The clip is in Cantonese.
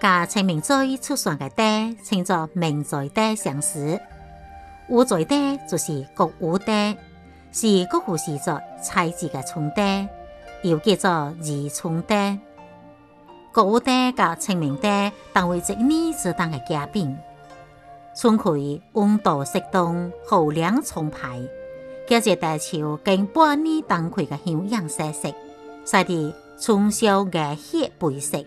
甲清明節出產嘅茶稱作明前茶上士，雨前茶就是穀雨茶，是穀雨時節採摘嘅春茶，又叫做二春茶。穀雨茶、甲清明茶同為一年之中嘅佳品，春季温度適中，雨量充沛，加之茶樹，經半年冬季嘅休養生息，使得春梢芽葉肥碩。